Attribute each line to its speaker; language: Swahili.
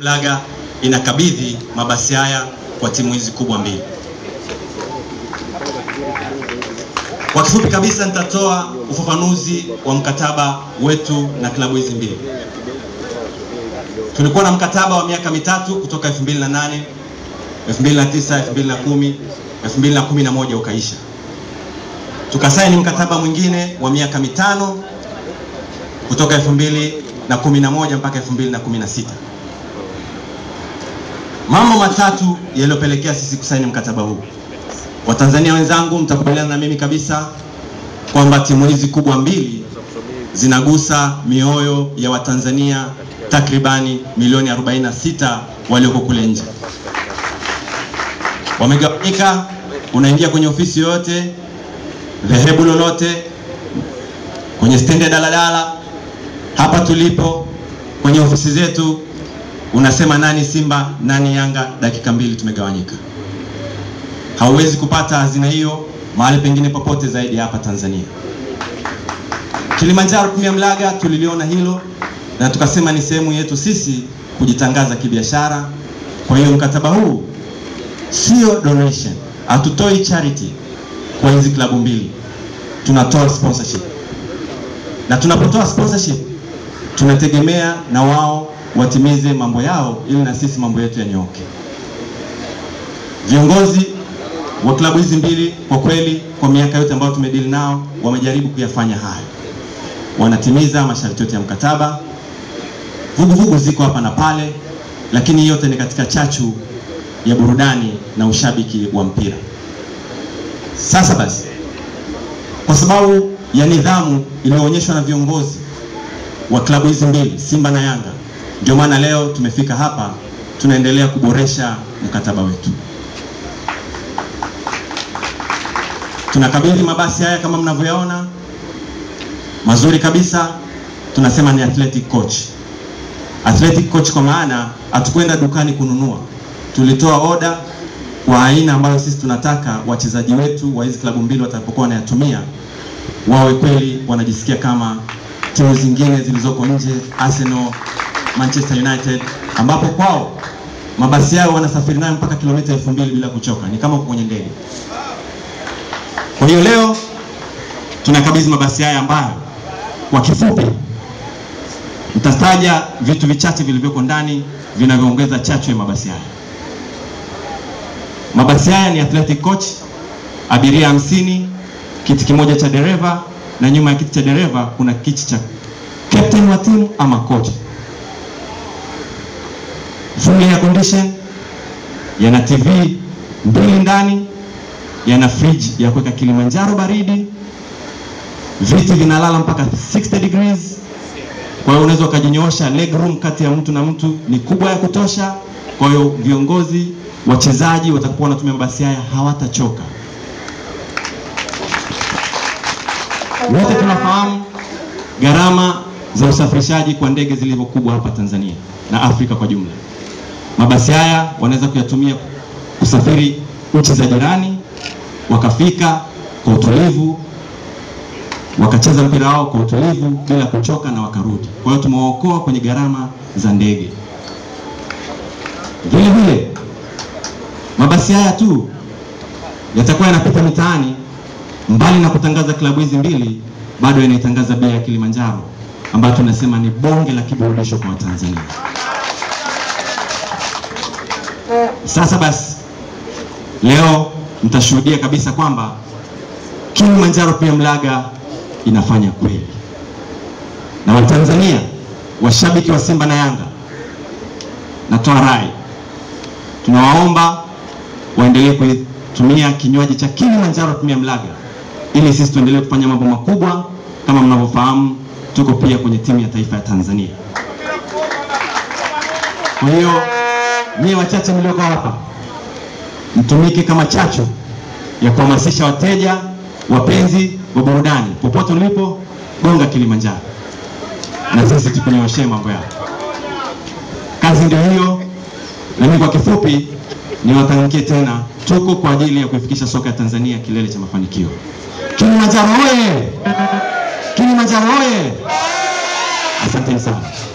Speaker 1: Mlaga inakabidhi mabasi haya kwa timu hizi kubwa mbili. Kwa kifupi kabisa, nitatoa ufafanuzi wa mkataba wetu na klabu hizi mbili. Tulikuwa na mkataba wa miaka mitatu kutoka 2008, 2009, 2010, 2011 ukaisha. Tukasaini mkataba mwingine wa miaka mitano kutoka 2011 mpaka 2016. Mambo matatu yaliyopelekea sisi kusaini mkataba huu. Watanzania wenzangu, mtakubaliana na mimi kabisa kwamba timu hizi kubwa mbili zinagusa mioyo ya Watanzania takribani milioni 46 walioko kule nje. Wamegawanyika, unaingia kwenye ofisi yoyote, dhehebu lolote, kwenye stendi ya daladala, hapa tulipo, kwenye ofisi zetu unasema nani Simba nani Yanga, dakika mbili tumegawanyika. Hauwezi kupata hazina hiyo mahali pengine popote zaidi hapa Tanzania. Kilimanjaro kumia Mlaga tuliliona hilo na tukasema ni sehemu yetu sisi kujitangaza kibiashara. Kwa hiyo mkataba huu sio donation, hatutoi charity kwa hizi klabu mbili, tunatoa sponsorship, na tunapotoa sponsorship tunategemea na wao watimize mambo yao ili na sisi mambo yetu yanyooke. Viongozi wa klabu hizi mbili kwa kweli, kwa miaka yote ambayo tumedili nao, wamejaribu kuyafanya hayo, wanatimiza masharti yote ya mkataba. Vuguvugu vugu ziko hapa na pale, lakini yote ni katika chachu ya burudani na ushabiki wa mpira. Sasa basi, kwa sababu ya nidhamu iliyoonyeshwa na viongozi wa klabu hizi mbili Simba na Yanga ndio maana leo tumefika hapa, tunaendelea kuboresha mkataba wetu. Tunakabidhi mabasi haya kama mnavyoyaona, mazuri kabisa. Tunasema ni athletic coach. Athletic coach kwa maana hatukwenda dukani kununua, tulitoa oda kwa aina ambayo sisi tunataka wachezaji wetu wa hizi klabu mbili watakapokuwa wanayatumia wawe kweli wanajisikia kama timu zingine zilizoko nje, Arsenal Manchester United, ambapo kwao mabasi yao wanasafiri nayo mpaka kilomita elfu mbili bila kuchoka, ni kama kwenye ndege. Kwa hiyo leo tunakabidhi mabasi haya ambayo kwa kifupi nitataja vitu vichache vilivyoko ndani vinavyoongeza chachu ya mabasi haya. Mabasi haya ni athletic coach, abiria hamsini, kiti kimoja cha dereva, na nyuma ya kiti cha dereva kuna kiti cha captain wa timu ama coach full ya condition, yana TV mbili ndani, yana fridge ya kuweka Kilimanjaro baridi, viti vinalala mpaka 60 degrees. Kwa hiyo unaweza ukajinyoosha, leg room kati ya mtu na mtu ni kubwa ya kutosha. Kwa hiyo viongozi, wachezaji watakuwa wanatumia mabasi haya hawatachoka. Wote tunafahamu gharama za usafirishaji kwa ndege zilivyo kubwa hapa Tanzania na Afrika kwa jumla. Mabasi haya wanaweza kuyatumia kusafiri nchi za jirani, wakafika kwa utulivu, wakacheza mpira wao kwa utulivu bila kuchoka na wakarudi. Kwa hiyo tumewaokoa kwenye gharama za ndege. Vile vile mabasi haya tu yatakuwa yanapita mitaani, mbali na kutangaza klabu hizi mbili, bado yanaitangaza bei ya Kilimanjaro ambayo tunasema ni bonge la kiburudisho kwa Watanzania. Sasa basi leo mtashuhudia kabisa kwamba Kilimanjaro pia Mlaga inafanya kweli, na Watanzania washabiki wa Simba na Yanga, natoa rai, tunawaomba waendelee kutumia kinywaji cha Kilimanjaro pia Mlaga ili sisi tuendelee kufanya mambo makubwa. Kama mnavyofahamu, tuko pia kwenye timu ya taifa ya Tanzania, kwa hiyo nyie wachache mlioko hapa, mtumike kama chachu ya kuhamasisha wateja, wapenzi wa burudani popote ulipo, gonga Kilimanjaro na sisi tukunyoshee mambo yao. Kazi ndio hiyo, na mimi kwa kifupi niwatamkie tena, tuko kwa ajili ya kuifikisha soka ya Tanzania kilele cha mafanikio. Kilimanjaro oye! Kilimanjaro oye! Asanteni sana.